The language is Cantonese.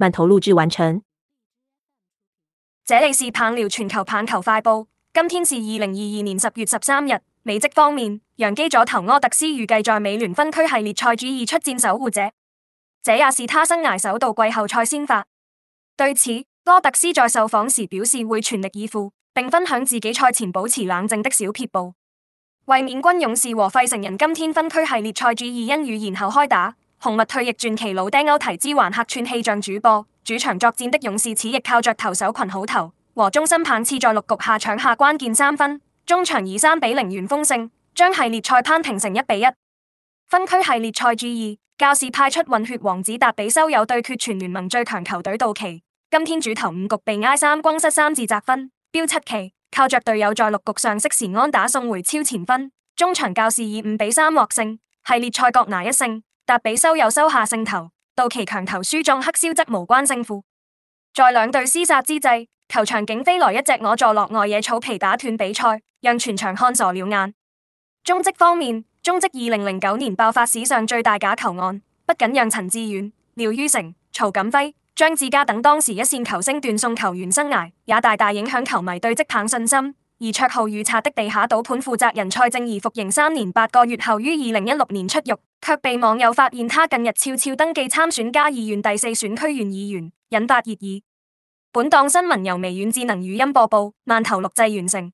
滿頭錄製完成。這裏是棒聊全球棒球快報。今天是二零二二年十月十三日。美職方面，洋基左投柯特斯預計在美聯分區系列賽主二出戰守護者，這也是他生涯首度季後賽先發。對此，柯特斯在受訪時表示會全力以赴，並分享自己賽前保持冷靜的小撇步，衛冕軍勇士和費城人今天分區系列賽主二因雨延後開打。紅襪退役傳奇老爹歐提茲還客串氣象主播，主場作戰的勇士此役靠着投手群好投和中心棒次在六局下搶下關鍵三分，中場以三比零完封勝，將系列賽扳平成一比一。分區系列賽注意，教士派出混血王子達比修有對決全聯盟最強球隊道奇。今天主投五局被挨三轟失三自責分，飆七期靠着隊友在六局上適時安打送回超前分，中場教士以五比三獲勝，系列賽各拿一勝。達比修又收下勝投，到其強投輸中黑消則無關勝負。在兩隊廝殺之際，球場竟飛來一隻我座落外野草皮打斷比賽，讓全場看傻了眼。中職方面，中職二零零九年爆發史上最大假球案，不僅讓陳致遠、廖于成、曹錦輝、張誌家等當時一線球星斷送球員生涯，也大大影響球迷對職棒信心。而綽號預測的地下賭盤負責人蔡正宜服刑三年八個月後於二零一六年出獄，却被網友發現他近日悄悄登記參選嘉義縣第四選區縣議員，引發熱議。本檔新聞由微軟智能語音播報，饅頭錄製完成。